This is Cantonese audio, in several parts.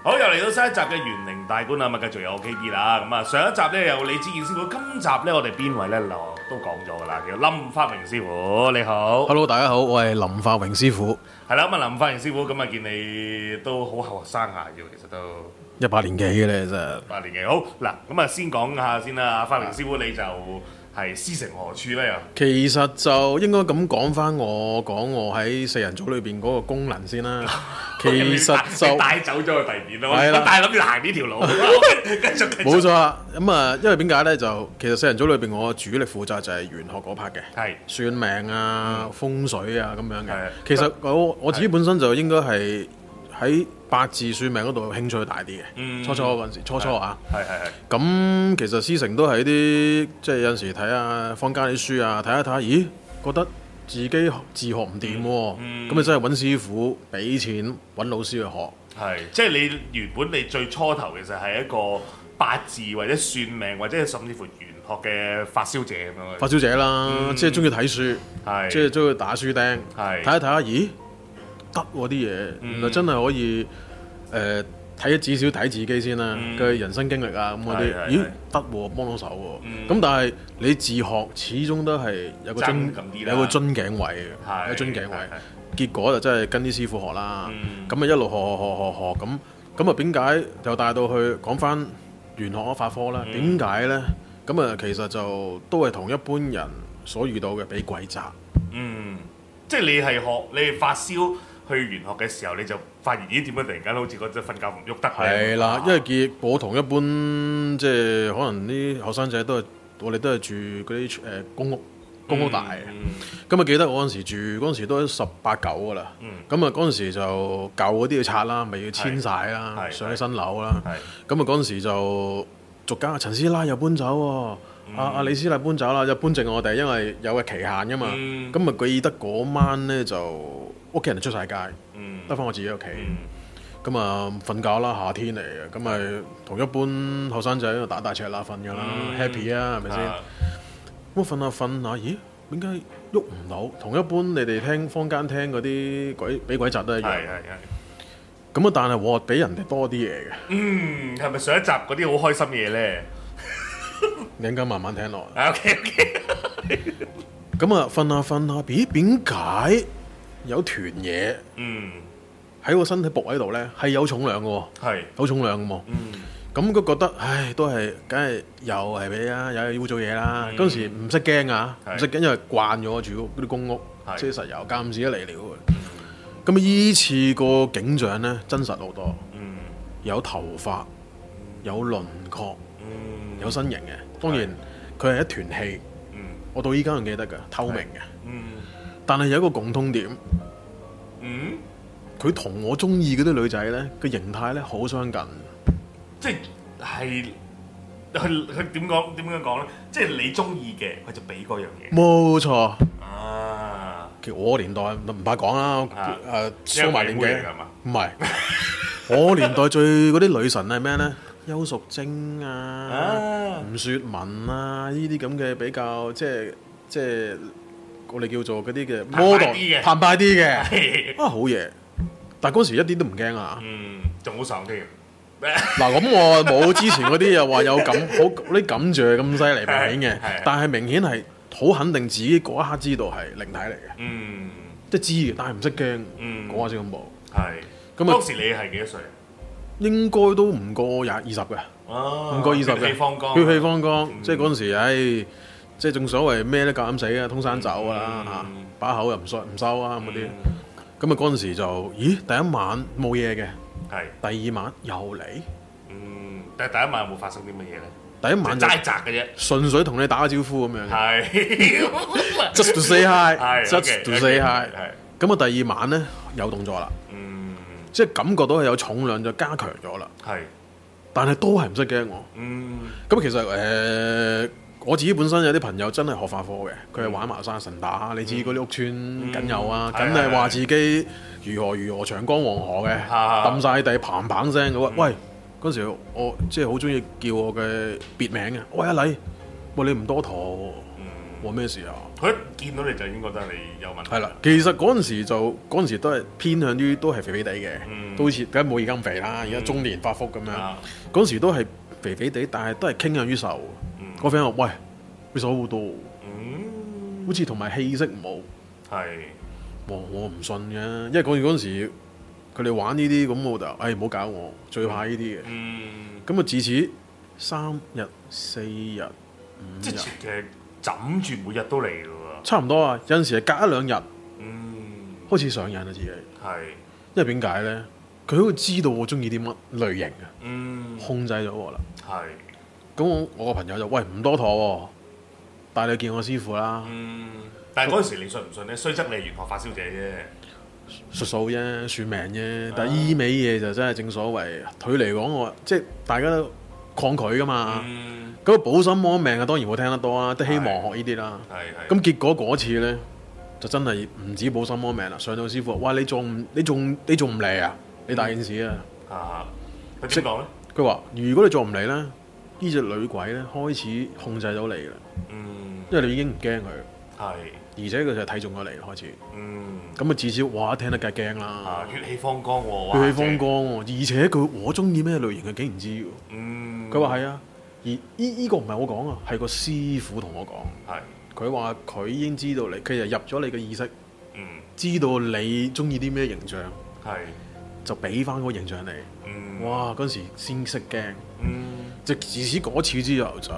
好，又嚟到新一集嘅玄靈大觀啦，咪繼續有 K B 啦。咁啊，上一集咧有李志健師傅，今集咧我哋邊位咧嗱，都講咗噶啦。叫林法榮師傅，你好。Hello，大家好，我係林法榮師傅。係啦，咁啊，林法榮師傅咁啊，見你都好後生下嘅，其實都一百年幾嘅咧，真係。百年幾好嗱。咁啊，先講下先啦，法榮師傅你就。係師成何處呢？其實就應該咁講返，我講我喺四人組裏面嗰個功能先啦。 其實就帶，帶走咗個地面咯，係啦，諗住行呢條路。冇 錯，咁啊，因為點解呢？就其實四人組裏面我主力負責就係玄學嗰 part 嘅，算命啊、嗯、風水啊咁樣嘅。其實我我自己本身就應該係。喺八字算命嗰度興趣大啲嘅、嗯，初初嗰陣時初初啊，係係係。咁其實師承都係啲，即係有陣時睇下坊間啲書啊，睇一睇啊，咦，覺得自己學自學唔掂喎，咁、嗯、你真係揾師傅俾錢揾老師去學，係，即係你原本你最初頭其實係一個八字或者算命或者甚至乎玄學嘅發燒者咁樣。發燒者啦，即係中意睇書，即係中意打書釘，睇一睇啊，咦？得嗰啲嘢，原來、嗯、真係可以誒睇、呃、至少睇自己先啦、啊、嘅、嗯、人生經歷啊咁嗰啲，咦得喎、啊、幫到手喎，咁、嗯、但係你自學始終都係有個樽真有個樽頸位，有個樽頸位，結果就真係跟啲師傅學啦，咁、嗯、啊一路學學學學學咁，咁啊點解又帶到去講翻玄學啊法科咧？點解咧？咁啊其實就都係同一般人所遇到嘅俾鬼責，嗯，即係你係學你係發燒。去完學嘅時候，你就發現咦，點解突然間好似個只瞓覺唔喐得咧？係啦，因為結果同一般即係可能啲學生仔都係我哋都係住嗰啲誒公屋，公屋大嘅。咁、嗯、啊，記得我嗰陣時住嗰陣時都十八九噶啦。咁、嗯、啊，嗰陣時就舊嗰啲要拆啦，咪要遷晒啦，上新樓啦。咁啊，嗰陣時就逐間、啊、陳師奶又搬走，阿、嗯、阿、啊啊、李師奶搬走啦，又搬剩我哋，因為有個期限噶嘛。咁、嗯、啊，那記得嗰晚咧就～屋企人出晒街，得、嗯、翻我自己屋企，咁啊瞓覺啦，夏天嚟嘅，咁咪同一般後生仔喺度打大赤啦，瞓噶啦，happy 啊，係咪先？咁啊瞓下瞓下，咦？點解喐唔到？同一般你哋聽坊間聽嗰啲鬼俾鬼扎都一樣，係係係。咁啊，但係我比人哋多啲嘢嘅。嗯，係咪上一集嗰啲好開心嘢咧？你等陣慢慢聽落、啊。OK OK。咁啊，瞓下瞓下，咦？點解？有團嘢，喺、嗯、個身體部位度咧，係有重量嘅，係有重量嘅，咁、嗯、佢覺得，唉，都係，梗係又係俾啊，又係要做嘢啦。嗰時唔識驚啊，唔識驚，因為慣咗住屋嗰啲公屋，即、就是、實有油監視得嚟料嘅。咁啊，呢次個景象咧真實好多、嗯，有頭髮，有輪廓、嗯，有身形嘅。當然，佢係一團氣、嗯，我到依家仲記得噶，透明嘅。但係有一個共通點，嗯，佢同我中意嗰啲女仔咧個形態咧好相近，即係係佢佢點講，點樣講咧？即係你中意嘅，佢就俾嗰樣嘢，冇錯啊！其實我年代唔怕講啊，誒，收埋啲嘢，唔係 我年代最嗰啲女神係咩咧？邱淑貞啊，吳、啊、雪文啊，呢啲咁嘅比較，即係即係。我哋叫做嗰啲嘅 model，澎湃啲嘅，啊好嘢！但嗰時候一啲都唔驚啊，嗯，仲好爽添。嗱、啊，咁我冇之前嗰啲又話有感 好，啲感住咁犀利明顯嘅，但係明顯係好肯定自己嗰一刻知道係靈體嚟嘅，嗯，即係知，但係唔識驚，講下先咁冇。係。咁當時你係幾多歲？應該都唔過廿二十嘅，唔、哦、過二十嘅，血氣方剛，方剛，嗯、即係嗰陣時唉。哎即係正所謂咩都夠膽死啊，通山走啊，吓、嗯啊嗯、把口又唔衰，唔收啊咁嗰啲。咁啊陣時就，咦？第一晚冇嘢嘅，係。第二晚又嚟，嗯。但係第一晚有冇發生啲乜嘢咧？第一晚齋砸嘅啫，純粹同你打個招呼咁樣。係。 just to say hi。 Just to say hi, to say hi、 嗯。係。咁啊，第二晚咧有動作啦。嗯。即係感覺到係有重量，就加強咗啦。係。但係都係唔識驚我。嗯。咁其實誒。呃我自己本身有啲朋友真係學法科嘅，佢係玩茅山神打，嗯、你知嗰啲屋村梗、嗯、有啊，梗係話自己如何如何長江黃河嘅，抌、啊、晒地砰砰聲嘅、嗯。喂，嗰時候我即係好中意叫我嘅別名嘅，喂阿禮，喂你唔多佗，我、嗯、咩事啊？佢一見到你就已經覺得你有問題。係啦，其實嗰陣時候就嗰陣都係偏向於都係肥肥哋嘅、嗯，都好似梗冇而家咁肥啦，而家中年發福咁樣。嗰、嗯啊、時候都係肥肥哋，但係都係傾向於瘦。我 friend 喂，佢手好多？嗯，好似同埋氣息唔好。係，我我唔信嘅，因為講完嗰陣時候，佢哋玩呢啲咁，我就唉，唔好搞我，最怕呢啲嘅。嗯，咁啊自此三日、四日、五日，其實枕住每日都嚟嘅。差唔多啊，有陣時係隔一兩日。嗯，開始上癮啦自己。係，因為點解咧？佢都知道我中意啲乜類型啊。嗯，控制咗我啦。係。咁我個朋友就喂，唔多妥喎，喔，帶你見我師傅啦。嗯，但係嗰陣時你信唔信咧？雖則你係玄學發燒友啫，術數啫，算命啫，啊。但係醫美嘢就真係正所謂，佢嚟講我即係大家都抗拒㗎嘛。咁、嗯、保心魔命啊，當然會聽得多啦，都希望學呢啲啦。係咁結果嗰次咧，就真係唔止保心魔命啦。上到師傅，哇！你仲你仲你仲唔嚟啊？你大件事啊！啊，佢點識講咩？佢話如果你做唔嚟咧。呢隻女鬼咧，開始控制到你啦，嗯，因為你已經唔驚佢，係，而且佢就睇中咗你開始，嗯，咁啊至少哇聽得計驚啦，啊，血氣方剛喎、哦，血氣方剛喎、哦，而且佢我中意咩類型嘅，佢竟然唔知，嗯，佢話係啊，而依依、呢個唔係我講啊，係個師傅同我講，係，佢話佢已經知道你，佢就入咗你嘅意識，嗯，知道你中意啲咩形象，係，就俾翻嗰個形象你，嗯，哇嗰時先識驚，嗯。嗯就自此嗰次之後就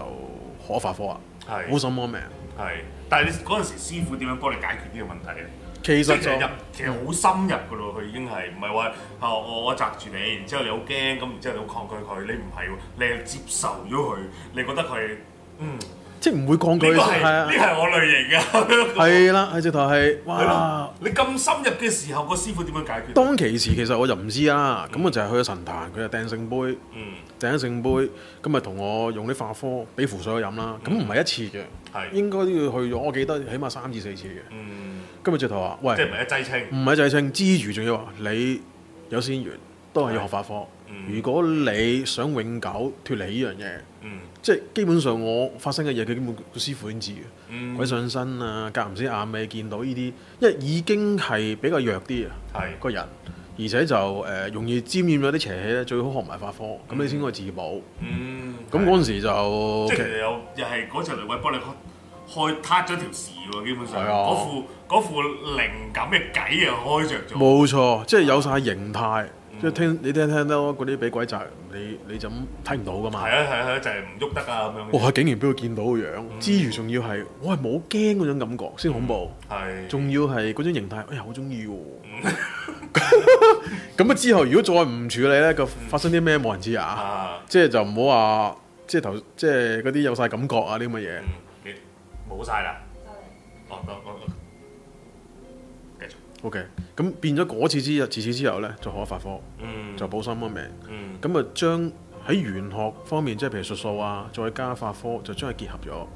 可發科啊，好想摸命。係，但係你嗰陣時師傅點樣幫你解決呢個問題咧？其實入，其實好、嗯、深入㗎咯，佢已經係唔係話嚇我我擲住你，然之後你好驚，咁然之後你好抗拒佢，你唔係喎，你係接受咗佢，你覺得佢嗯。即係唔會抗拒，呢、呢個係呢係我類型㗎。係、那、啦、個，係、啊、直頭係哇！你咁深入嘅時候，個師傅點樣解決？當其時其實我就唔知啦。咁、嗯、啊就係去咗神壇，佢就掟聖杯，嗯、掟聖杯咁咪同我用啲法科俾符水我飲啦。咁唔係一次嘅，應該都要去咗。我記得起碼三至四次嘅。今、嗯、日直頭話，喂，即係唔係一劑清？唔、嗯、係一劑清，之餘仲要話，你有仙緣都係要學法科、嗯。如果你想永久脱離呢樣嘢，嗯。即係基本上我發生嘅嘢，佢根本個師傅已經知嘅、嗯。鬼上身啊，隔唔時眼尾見到呢啲，因為已經係比較弱啲啊。係個人，而且就誒容易沾染咗啲邪氣咧，最好學埋法科，咁、嗯、你先可以自保。嗯，咁嗰陣時候就 okay, 即係又又係嗰隻女鬼、就是、幫你開開撻咗條線喎，基本上。係啊。嗰副副靈感嘅計啊，開着咗。冇錯，即係有晒形態。即係聽你聽聽得嗰啲俾鬼擸，你你就咁睇唔到噶嘛。係啊係啊，就係唔喐得啊咁樣。哇！竟然俾佢見到個樣，之餘仲要係，我係冇驚嗰種感覺先恐怖。係、嗯。仲要係嗰種形態，哎呀好鍾意喎。咁啊、嗯、 那之後，如果再唔處理咧，個、嗯、發生啲咩冇人知啊？即係就唔好話，即係頭，即係嗰啲有晒感覺啊啲咁嘅嘢。冇晒啦。哦哦哦。繼續。OK。咁變咗嗰次之日，自此之後咧就學咗法科，嗯、就補心嘅命。咁、嗯、啊，就將喺玄學方面，即係譬如術數啊，再加法科，就將佢結合咗。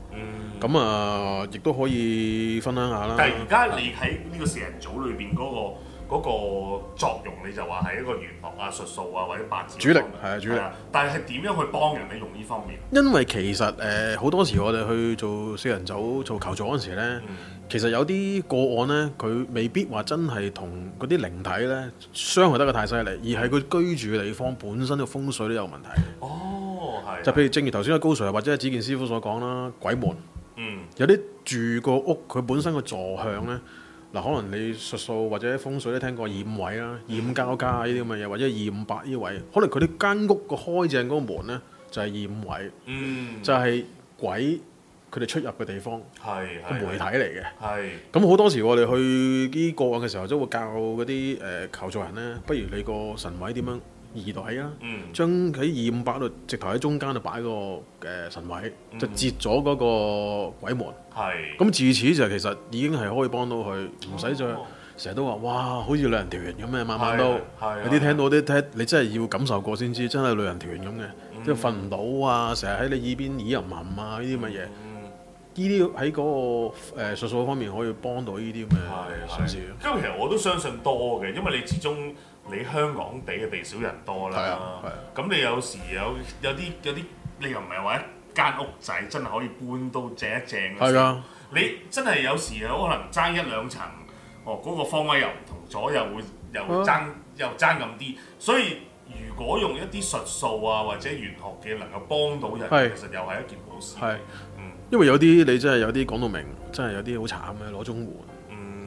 咁、嗯、啊，亦都可以分享下啦。但係而家你喺呢個四人組裏邊嗰個。嗰、那個作用你就話係一個玄學啊、術數啊或者八字主力係啊主力，但係點樣去幫人你用呢方面？因為其實誒好、呃、多時候我哋去做四人組做求助嗰陣時呢、嗯，其實有啲個案呢，佢未必話真係同嗰啲靈體呢傷害得佢太犀利、嗯，而係佢居住嘅地方本身嘅風水都有問題。哦，係、啊。就譬如正如頭先阿高 Sir 或者阿子健師傅所講啦，鬼門。嗯。有啲住個屋佢本身個坐向呢。嗯嗱，可能你術數或者風水咧，聽過二五位啦、二五交加呢啲咁嘅嘢，或者二五八呢位，可能佢啲間屋個開正嗰個門咧，就係二五位，嗯，就係、是、鬼佢哋出入嘅地方，係個媒體嚟嘅，係。咁好多時候我哋去啲個案嘅時候，都會教嗰啲誒求助人呢，不如你個神位點樣？嗯二代啊，嗯、將佢二五八度直頭喺中間度擺個誒神位，就截咗嗰個鬼門。係、嗯，咁自此就其實已經係可以幫到佢，唔使再成日、嗯嗯、都話哇，好似女人團咁嘅，慢慢都。係有啲聽到啲聽，你真係要感受過先知，真係女人團咁嘅，即係瞓唔到啊，成日喺你耳邊耳入聞啊，呢啲咁嘅嘢。呢啲喺嗰個誒術數方面可以幫到呢啲咁嘅，甚至、啊。咁、啊、其實我都相信多嘅，因為你始終。你香港地嘅地少人多啦，咁、啊啊、你有時有有啲有啲，你又唔係話一間屋仔真係可以搬到正一正嘅，你真係有時可能爭一兩層，哦嗰、嗰個方位又唔同，左右會又爭又爭咁啲，所以如果用一啲術數啊、嗯、或者玄學嘅能夠幫到人，其實又係一件好事。嗯，因為有啲你真係有啲講到明，真係有啲好慘嘅攞綜援，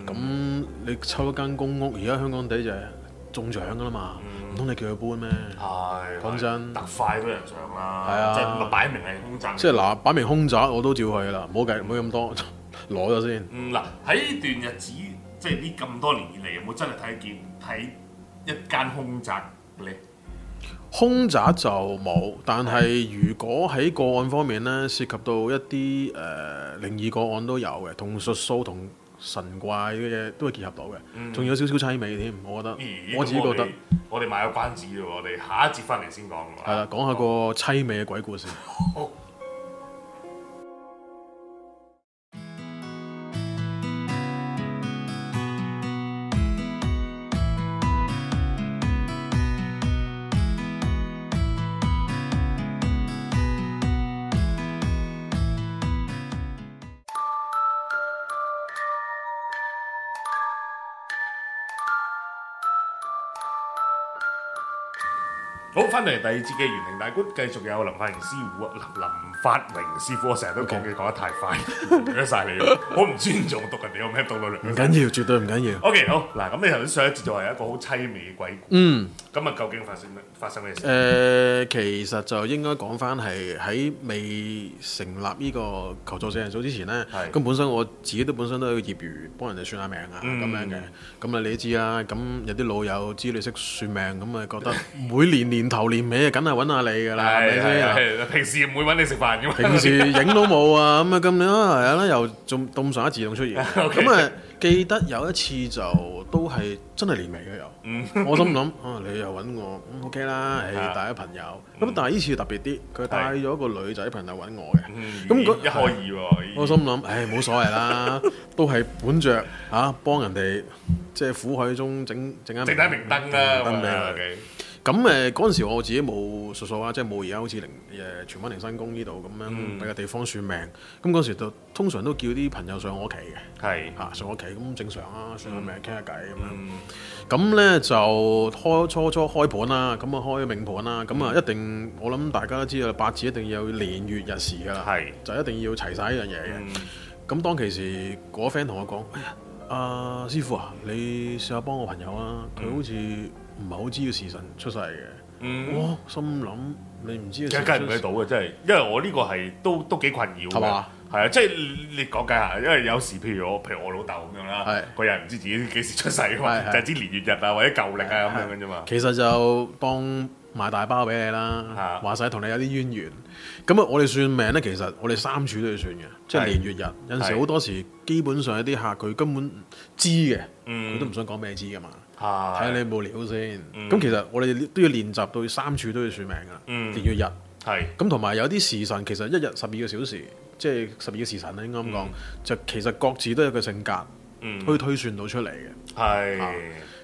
咁、嗯、你抽一間公屋，而家香港地就係。嗯中獎噶啦嘛，唔、嗯、通你叫佢搬咩？係講真，特快嗰啲人上啦。係啊，即係擺明係凶宅。即係嗱，擺明凶宅，凶宅我都照去啦，唔好計，唔好咁多，攞 咗先。嗯嗱，喺呢段日子，即係呢咁多年以嚟，有冇真係睇見睇一間凶宅咧？凶宅就冇，但係如果喺個案方面咧，涉及到一啲誒、呃、靈異個案都有嘅，同術數同。神怪嘅嘢都係結合到嘅，仲、嗯嗯、有少少淒美添，我覺得、嗯嗯。我自己覺得，嗯嗯、我哋賣咗關子啫喎，我哋下一節翻嚟先講。係啦，講下個淒美嘅鬼故事。哦。好，翻嚟第二節嘅《玄靈大觀》，繼續有林法榮師傅啊！林林法榮師傅，我成日都講嘢講得太快，得罪曬你，我唔尊重讀人哋咁嘅東東。唔緊要，絕對唔緊要。OK，好嗱，咁你頭先上一節就係一個好淒美嘅鬼故。嗯，咁啊，究竟發生咩？發生咩事？誒，其實就應該講翻係喺未成立呢個求助四人組之前咧，咁本身我自己都本身都係業餘幫人哋算下命啊咁樣嘅。咁啊，你知啊，咁有啲老友知你識算命，咁啊覺得每年年頭年尾啊，梗係揾下你噶啦，平時唔會揾你食飯嘅嘛。平時影都冇啊，咁啊咁啊，又又仲咁上一次咁出現。咁、okay。啊、嗯、記得有一次就都係真係年尾嘅又，我心諗、 啊、你又揾我、嗯、，O、okay、K 啦，誒帶咗朋友。咁、嗯、但係呢次特別啲，佢帶咗個女仔朋友揾我嘅。咁嗰、嗯、我心諗，誒、哎、冇所謂啦， 都係本着吓幫人哋即係苦海中整整盞明燈啊。咁誒嗰陣時，我自己冇熟熟啊，即係冇而家好似零誒荃灣、零新宮呢度咁樣喺個地方算命。咁嗰陣時就通常都叫啲朋友上我屋企嘅，係嚇上我屋企咁正常啊，嗯、算下命傾下偈咁樣。咁咧就開初初開盤啦，咁啊開咗命盤啦，咁、嗯、啊一定我諗大家都知道八字一定要有年月日時㗎啦，係就一定要齊晒呢樣嘢嘅。咁、嗯、當其時個，個 friend 同我講：阿師傅啊，你試下幫我朋友啊，佢好似。嗯唔係好知個時辰出世嘅，嗯，哦、心諗你唔知，其實計唔計到嘅，即係，因為我呢個係都都幾困擾，係嘛，係啊，即係你講計下，因為有時譬如我譬如我老豆咁樣啦，係，佢又唔知自己幾時出世嘅嘛，就係知年月日啊或者舊曆啊咁樣嘅啫嘛。其實就當買大包俾你啦，話晒同你有啲淵源。咁啊，我哋算命咧，其實我哋三柱都要算嘅，即係年月日。有陣時好多時，基本上一啲客佢根本知嘅，佢、嗯、都唔想講俾你知噶嘛。睇下你冇料先，咁、嗯、其實我哋都要練習到三柱都要算命㗎，年月日，係咁，同埋有啲時辰，其實一日十二個小時，即係十二個時辰啦，應該咁講、嗯，就其實各自都有個性格，可、嗯、以推算到出嚟嘅。係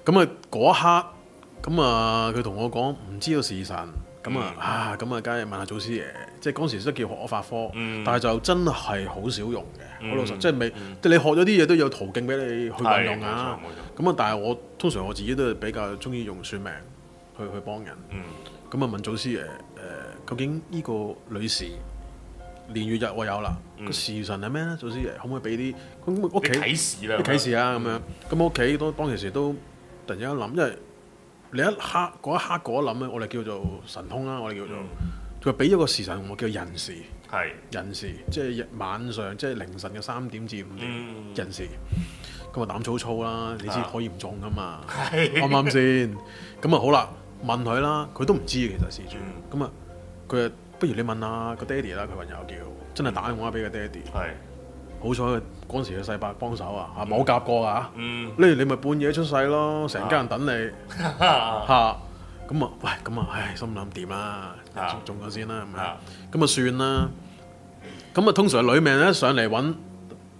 咁啊，嗰一刻，咁啊，佢同我講唔知道時辰。咁啊啊咁啊，梗係問下祖師爺，即係嗰時都叫學我法科，嗯、但係就真係好少用嘅，好老實，嗯、即係未，嗯、即係你學咗啲嘢都有途徑俾你去運用啊。咁啊，但係我通常我自己都係比較中意用算命去去幫人。咁、嗯、啊，問祖師爺誒、呃，究竟呢個女士年月日我有啦、嗯，時辰係咩咧？祖師爺可唔可以俾啲？咁屋企啲啟示啦，啲啟示啊咁、嗯、樣。咁屋企都當其時都突然之間諗，因為。你一刻嗰一刻嗰一諗咧，我哋叫做神通啦，我哋叫做，佢話俾咗個時辰我叫寅時，係，係寅時，即係日晚上，即係凌晨嘅三點至五點、嗯、寅時。咁啊膽粗粗啦，你知可以唔中噶嘛，啱唔啱先？咁啊 好啦，問佢啦，佢都唔知其實事主，咁啊佢啊，不如你問下個爹哋啦，佢話有叫，真係打電話俾個爹哋，係、嗯。好彩嗰時嘅世伯幫手啊，嚇、嗯、冇夾過啊，嗯，呢你咪半夜出世咯，成家人等你嚇，咁啊，啊，啊，喂，咁啊，唉，心諗點啊，中咗先啦，咁啊算啦，咁啊，啊啊啊通常女命咧上嚟揾，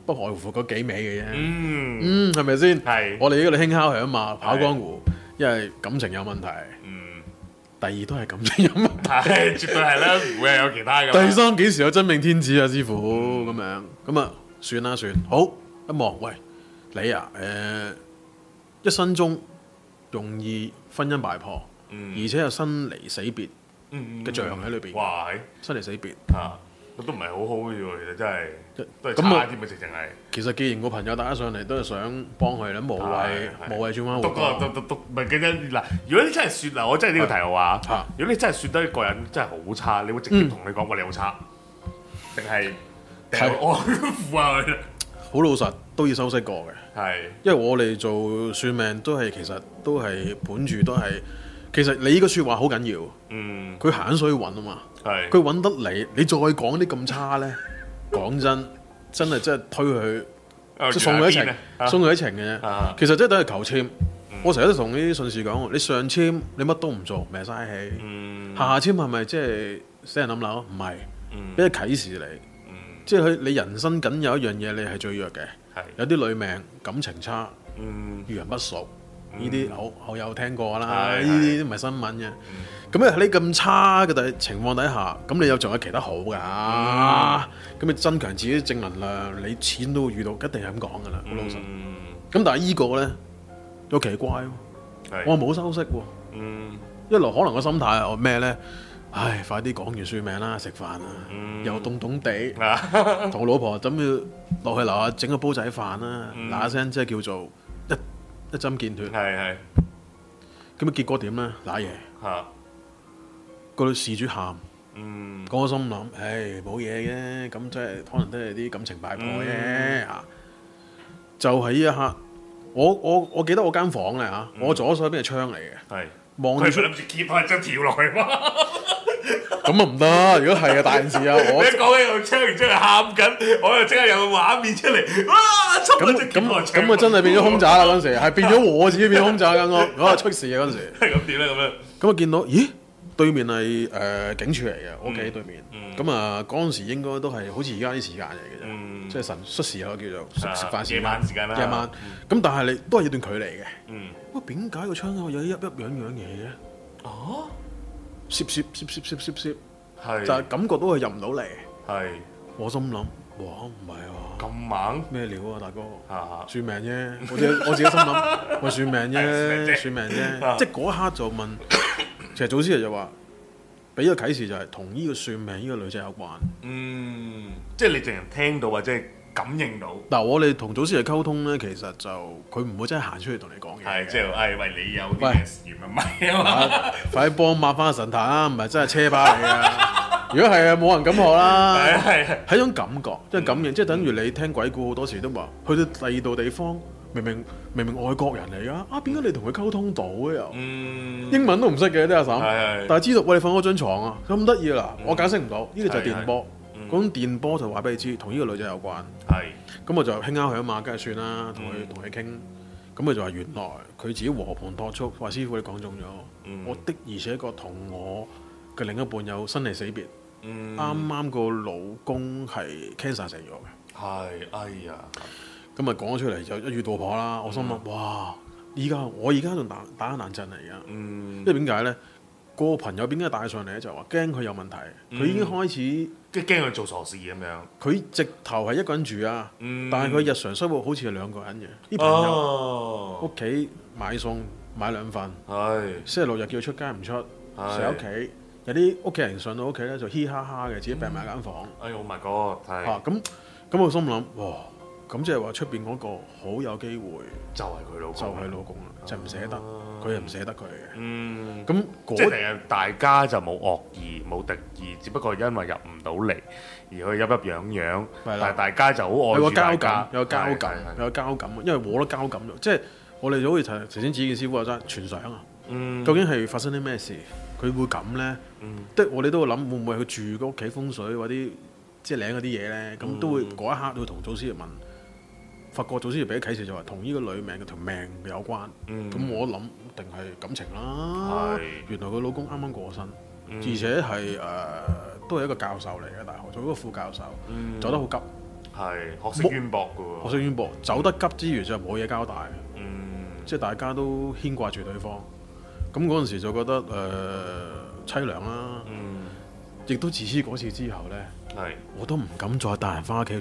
不外乎嗰幾味嘅啫，嗯，係咪先？係，我哋呢度輕敲響嘛，跑江湖，因為感情有問題，嗯，第二都係感情有問題，啊、絕對係啦，唔 會有其他嘅。第三幾時有真命天子啊，師傅咁、嗯、樣，咁啊～算啦算，好一望、欸，喂你啊，誒、呃、一生中容易婚姻敗破，嗯、而且又生離，離死別，嗯嗯嘅象喺裏邊，哇，生離死別，嚇，都唔係好好嘅，其實真係都係差啲，咪直情係。其實既然個朋友打上嚟、嗯、都係想幫佢咧，冇謂冇、哎、謂轉翻回。獨哥得嗱，如果你真係説啊，我真係呢個題號啊，如果你真係説得一個人真係好差，你會直接同你講話你好差，定、嗯、係？好 老實都要修飾過嘅。係，因為我哋做算命都係其實都係本住都係，其實你個說話好緊要。嗯，佢行所以揾啊嘛。係，佢揾得你，你再講啲咁差咧，講 真，真係真係推佢，即、啊就係、送佢一程，送佢一程嘅啫。其實真係等於求簽、嗯。我成日都同啲信士講，你上簽你乜都唔做，咪嘥氣。下簽係咪即係死人冧樓？唔係，俾啲啟示你。即係佢，你人生僅有一樣嘢，你係最弱嘅。係有啲女命感情差，遇、嗯、人不淑，呢啲好好有聽過噶啦。呢啲唔係新聞嘅。咁啊喺咁差嘅情況底下，咁你又仲有其他的好噶、啊？咁、嗯、你增強自己正能量，你錢都會遇到，一定係咁講噶啦。好老實。咁、嗯、但係呢個咧，又奇怪喎、啊。我冇收息、啊。嗯。一嚟可能個心態係咩咧？唉，快啲講完算命啦，食飯啦，又凍凍地，同、啊、老婆咁要落去樓下整個煲仔飯啦，嗱一聲即係叫做一一針見血。係係咁啊，結果點咧？瀨嘢，吓、啊，女嗯那個、哎、事主喊、嗯，嗯，我心諗，唉、嗯，冇嘢嘅，咁即係可能都係啲感情敗壞嘅吓。就係呢一刻，我我我記得我間房咧吓，我左手邊係窗嚟嘅。係。望住出諗住揭翻張條來嘛，咁啊唔得！如果係啊大件事啊，我一講起又聽完出嚟喊緊， 我，就 我又即刻有畫面出嚟，哇！出咗隻咁啊真係變咗凶宅啦！嗰時係變咗我自己變咗凶宅咁，我我話出事啊！嗰時係咁點咧？咁 樣咁我見到咦？對面係誒、呃、警署嚟嘅，我屋企喺對面。咁、嗯、啊，嗰陣時應該都係好似而家啲時間嚟嘅啫，即係神縮時咯，我叫做食時間、夜晚時間夜晚咁、嗯，但係你都係一段距離嘅。嗯。喂，點解個窗口有一凹凹、仰嘢嘅？啊！攝攝攝攝攝攝攝，就係感覺都係入唔到嚟。係。我心諗，哇，唔係喎，咁猛咩料啊，大哥？ 算命啫、啊，我自己心諗， 喂，算命啫、啊，算命啫、啊。 即係嗰刻就問。 其實祖師爺就話，俾個啟示就係同呢個算命呢、這個女仔有關。嗯，即係你淨係聽到或者感應到。嗱，我哋同祖師爺溝通咧，其實就佢唔會真係行出去同你講嘢，係，即、就、係、是哎，喂，你有啲事，唔係啊嘛，快啲幫抹翻神壇啊，唔 係真係車把嚟噶。 如果係啊，冇人敢學啦。係係係，係種感覺，即 係感應，嗯、即係等於你聽鬼故好多時都話，去到第二度地方。明明明明外國人嚟噶，啊，點解你同佢溝通到嘅？又、嗯、英文都唔識嘅啲阿嬸，是是但係知道餵你瞓咗張床啊，咁得意啦！我解釋唔到，呢、這個就係電波。嗰種、那個、電波就話俾你知，同呢個女仔有關。係，咁我就傾啱佢啊嘛，梗係算啦，同佢同佢傾。咁佢就話原來佢自己和盤托出，話師傅你講中咗、嗯。我的而且確同我嘅另一半有生離死別。啱、嗯、啱個老公係 cancer 死咗嘅。係，哎呀～今日講咗出嚟就一語道破啦！我心諗、嗯、哇，依家我而家仲打打緊難陣嚟噶，嗯、因為點解咧？個朋友點解帶上嚟咧？就話驚佢有問題，佢、嗯、已經開始即係驚佢做傻事咁樣。佢直頭係一個人住啊，嗯、但係佢日常生活好似係兩個人嘅。啲、嗯、朋友屋、哦、企買餸買兩份，星、哎、期六日叫佢出街唔出，成屋企有啲屋企人上到屋企咧就嘻，嘻哈哈嘅，嗯、自己病埋一間房。哎呦唔該，係嚇咁，咁我心諗哇！咁即係話出邊嗰個好有機會，就係、是、佢老公，就係、是、老公啦，就唔、是、捨得，佢又唔捨得佢嘅。嗯，咁嗰大家就冇惡意、冇敵意，只不過因為入唔到嚟而佢入入攘攘，但係大家就好愛有有交住有。有交感，有交感，有交感，交感、交感因為冇得交感咗。即係、就是、我哋就好似頭先子健師傅話齋，傳神啊。究竟係發生啲咩事？佢會咁咧？即、嗯、都我哋都會諗，會唔會去住個屋企風水或啲即係領嗰啲嘢咧？咁、就是嗯、都會嗰一刻都會同祖師嚟問。發覺早先要俾啲啟示，就話同呢個女名個條命有關。咁、嗯、我諗，定係感情啦。原來佢老公啱啱過身、嗯，而且係誒、呃、都係一個教授嚟嘅大學，做一個副教授，嗯、走得好急。係學識淵博嘅喎，學識淵博，走得急之餘就冇嘢交代。嗯、即係大家都牽掛住對方，咁嗰陣時候就覺得誒淒、呃、涼啦、啊。亦、嗯、都自此嗰次之後咧，我都唔敢再帶人翻屋企。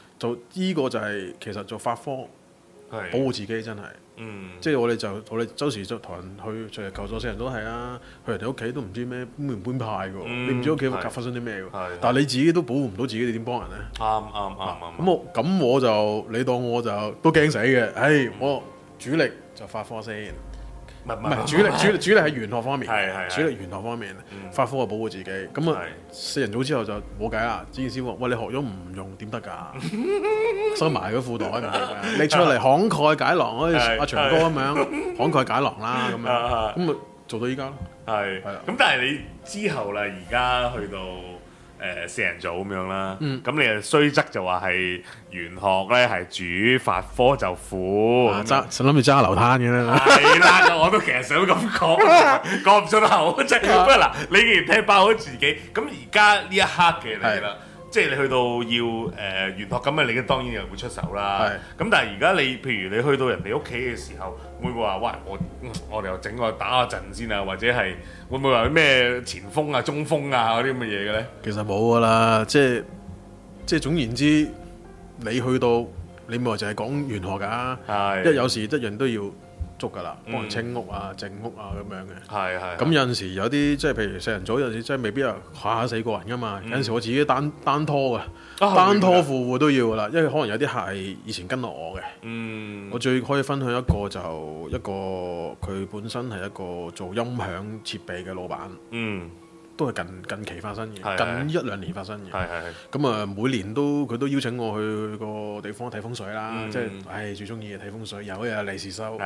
做依個就係其實做法科，保護自己真係、嗯，即係我哋就我哋周時就同人去，除實求助死人都係啦、啊，去人哋屋企都唔知咩搬唔搬派㗎喎、嗯，你唔知屋企發生啲咩㗎，但係你自己都保護唔到自己，你點幫人咧？啱啱啱啱，咁我咁我就你當我就都驚死嘅，唉、哎，我主力就法科先。唔係唔係，主力主主力喺玄學方面，係係主力玄學方面，法科啊保護自己，咁啊四人組之後就冇計啦。啲、嗯、師傅說，喂，你學咗唔用點得㗎？ 收埋個褲袋，你出嚟慷慨解囊，好似阿長哥咁樣慷慨解囊啦，咁樣咁啊做到依家。係係咁，但係你之後啦，而家去到。誒四人組咁樣啦，咁、嗯、你雖則就話係玄學咧，係主法科就苦，啊、想諗住揸流攤嘅咧，係 啦，我都其實想咁講，講唔出口不過嗱， 你既然聽爆好自己，咁而家呢一刻嘅你啦。即係你去到要誒玄學咁嘅，你當然又會出手啦。咁但係而家你譬如你去到人哋屋企嘅時候，會唔會話喂，我我哋又整個打下陣先啊？或者係會唔會話咩前鋒啊、中鋒啊嗰啲咁嘅嘢嘅咧？其實冇噶啦，即係即係總言之，你去到你冇話就係講玄學噶。因為有時一樣都要。幫人清屋啊、整、嗯、屋啊咁樣嘅。咁、嗯嗯、有陣時有啲即係譬如四人組有陣時即係未必下下四個人噶嘛。嗯、有陣時我自己單單拖嘅，單拖付戶、哦、都要噶啦，因為可能有啲客係以前跟落我嘅。嗯。我最可以分享一個就一個佢本身係一個做音響設備嘅老闆。嗯。都係近近期發生嘅，是是是近一兩年發生嘅。咁啊，每年都佢都邀請我去個地方睇風水啦，即係唉最中意嘅睇風水，又、嗯就是哎、有，有利是收，又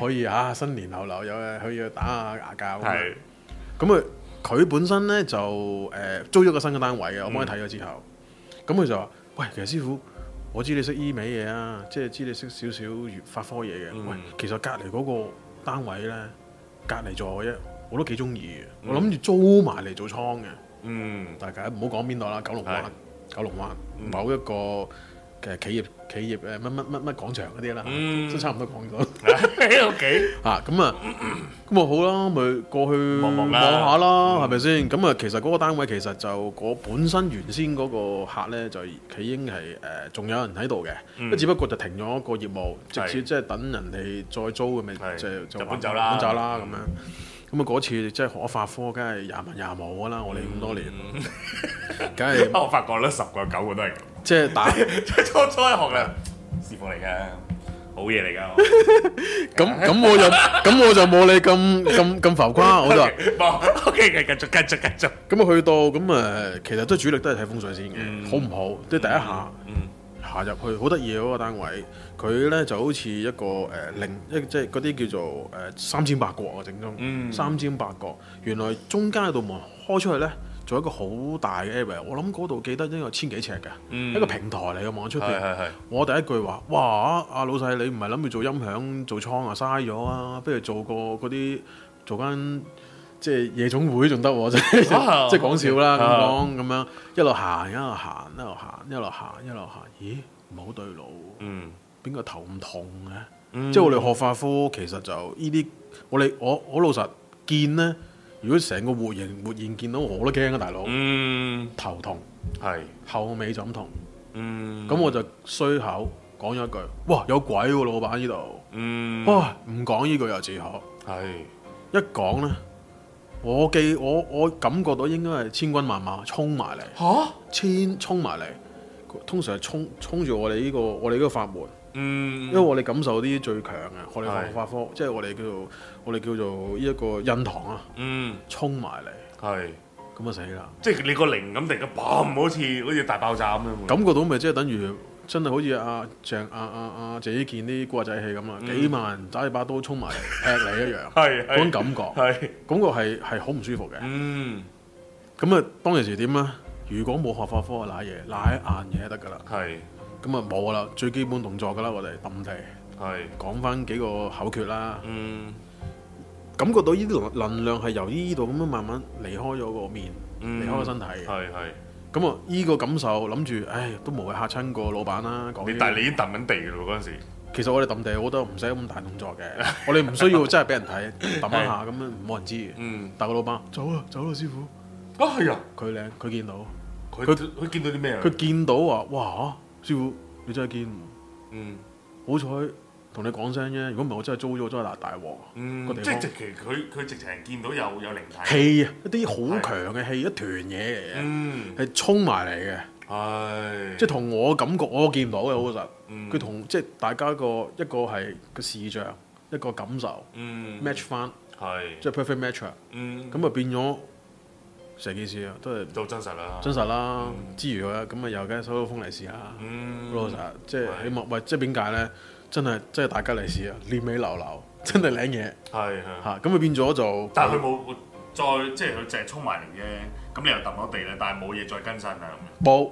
可以是是啊新年流流有可以去，去打下牙鉸。咁啊，佢本身呢，就誒、呃、租咗個新嘅單位嘅，我幫佢睇咗之後，咁、嗯、佢就話：喂，其實師傅，我知你識醫美嘢啊，即係知你識少少月法科嘢嘅。嗯、喂，其實隔離嗰個單位呢，隔離座嘅啫。我都幾中意嘅，我諗住租埋嚟做倉嘅。嗯，大家唔好講邊度啦，九龍灣，九龍灣某、嗯、一個嘅企業企業誒乜乜乜乜廣場嗰啲啦，都、嗯、差唔多講咗。屋企嚇咁啊，咁啊好咯，咪過去望望下啦，係咪先？咁啊、嗯，其實嗰個單位其實就本身原先嗰個客咧，就佢應係誒仲有人喺度嘅，都、嗯、只不過就停咗一個業務，直接即係等人哋再租嘅咪就就搬走啦，搬走啦咁樣。咁啊！嗰次即係學一法科，梗係廿文廿武噶啦！我哋咁多年，梗、mm、係 -hmm.。 我發覺咧，十個九個都係。即、就、係、是、打， 初初學嘅 師傅嚟嘅，好嘢嚟噶。咁 咁那 我就，咁我就冇你咁咁咁浮誇。Okay, 我就。話 okay,，OK，繼續繼續繼續。咁啊，去到咁啊，其實都主力都係睇風水先嘅，mm -hmm. 好唔好？即係第一下，下、mm、入 -hmm. 去好得意嗰個單位。佢咧就好似一個誒、呃、零，即即係嗰啲叫做誒、呃、三尖八角啊，整中、嗯、三尖八角。原來中間度門開出去咧，做一個好大嘅 area。我諗嗰度記得應該千幾尺嘅、嗯，一個平台嚟嘅。望出邊，我第一句話，哇！阿老細，你唔係諗住做音響做倉啊？嘥咗啊！不如做個嗰啲做間即係夜總會仲得喎，即即係講笑啦。咁講咁樣一路行一路行一路行一路行一路行，咦？唔係好對路。嗯邊個頭唔痛嘅，嗯，即係我哋學法科，其實就呢啲我哋我，我老實見呢，如果成個活形活現見到我都驚啊，大佬、嗯！頭痛係後尾就咁痛。咁、嗯、我就衰口講咗一句，哇，有鬼喎，啊，老闆呢度。哇，唔講呢句又自可係一講呢，我記我我感覺到應該係千軍萬馬衝埋嚟吓，千衝埋嚟，通常係衝衝住我哋呢，個我哋呢個法門。嗯，因為我哋感受啲最強嘅，學你學法科係，即係我哋叫做我哋叫做依一個印堂啊，嗯，衝埋嚟，係，咁啊死啦！即係你個靈感突然間嘣，好似好似大爆炸咁。感覺到咪即係等於真係好似阿鄭阿阿阿鄭伊健啲古惑仔戲咁啊、嗯，幾萬人揸住把刀衝埋嚟 劈你一樣，係，嗰種、那個、感覺，係，感覺係係好唔舒服嘅。嗯，咁啊，當其時點啊？如果冇學法科嘅瀨嘢，瀨一硬嘢得㗎啦。係。咁啊冇啦，最基本動作噶啦，我哋揼地，係講翻幾個口訣啦。嗯，感覺到呢啲能量係由呢度咁樣慢慢離開咗個面，離開個身體。係係。咁啊，依個感受，諗住，唉，都冇謂嚇親個老闆啦。講、呢個，但係你已經揼緊地嘅喎，嗰陣時。其實我哋揼地，我覺得唔使咁大動作嘅。 我哋唔需要真係俾人睇，揼一下咁樣冇人知的。嗯。但個老闆走啦，走啦、啊啊，師傅。啊，係啊。佢靚，佢見到。佢佢見到啲咩啊？佢見到話，哇！師傅，你真係見，嗯，好彩同你講聲啫。如果唔係，我真係租咗，咗喇大鑊，嗯，即係直其佢佢直情見到有有靈體氣啊，一啲好強嘅氣，一，氣一團嘢嚟嘅，嗯，係衝埋嚟嘅，係，即係同我感覺，我見唔到嘅好實，佢同即係大家個一個係個，個視像，一個感受，嗯，match 翻，係，即係 perfect match，嗯，咁啊變咗。成件事咯，都係都真實啦，真實啦。嗯、之餘咧，咁啊有嘅，收到風嚟試下，好老實。即係起碼，喂，即係點解咧？真係真係大吉利是啊，年尾流流，真係靚嘢。係係吓，咁啊變咗就。但係佢冇再即係佢淨係衝埋嚟啫。咁你又揼咗地啦，但係冇嘢再更新啊咁。冇，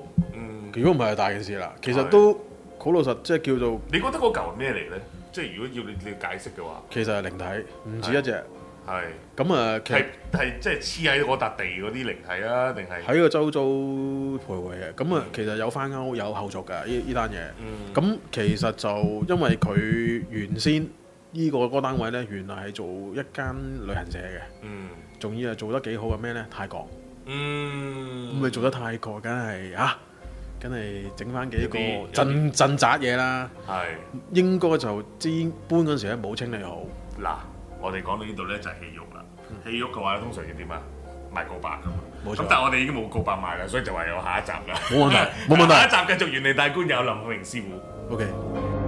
如果唔係大件事啦。其實都好老實，即係叫做。你覺得個嚿係咩嚟咧？即係如果要你你解釋嘅話，其實係靈體，唔、嗯、止一隻。係咁啊，係係即係黐喺嗰笪地嗰啲靈體啊，定係喺個周遭徘徊嘅？咁啊、嗯，其實有翻歐有後續㗎，呢依單嘢。咁、嗯、其實就因為佢原先呢個嗰個單位呢，原來係做一間旅行社嘅。嗯，仲要啊，做得幾好嘅咩呢？泰國。嗯。咁你做得泰國，梗係啊，梗係整翻幾個鎮鎮宅嘢啦。係。應該就之搬搬嗰陣時咧，冇清理好。嗱，我哋講到呢度咧，就係戲肉啦。戲肉嘅話通常要點啊？賣告白噶嘛。冇錯。咁但係我哋已經冇告白賣啦，所以就話有下一集啦。冇問題，冇 問題。下一集繼續玄靈大觀有林榮師傅。OK。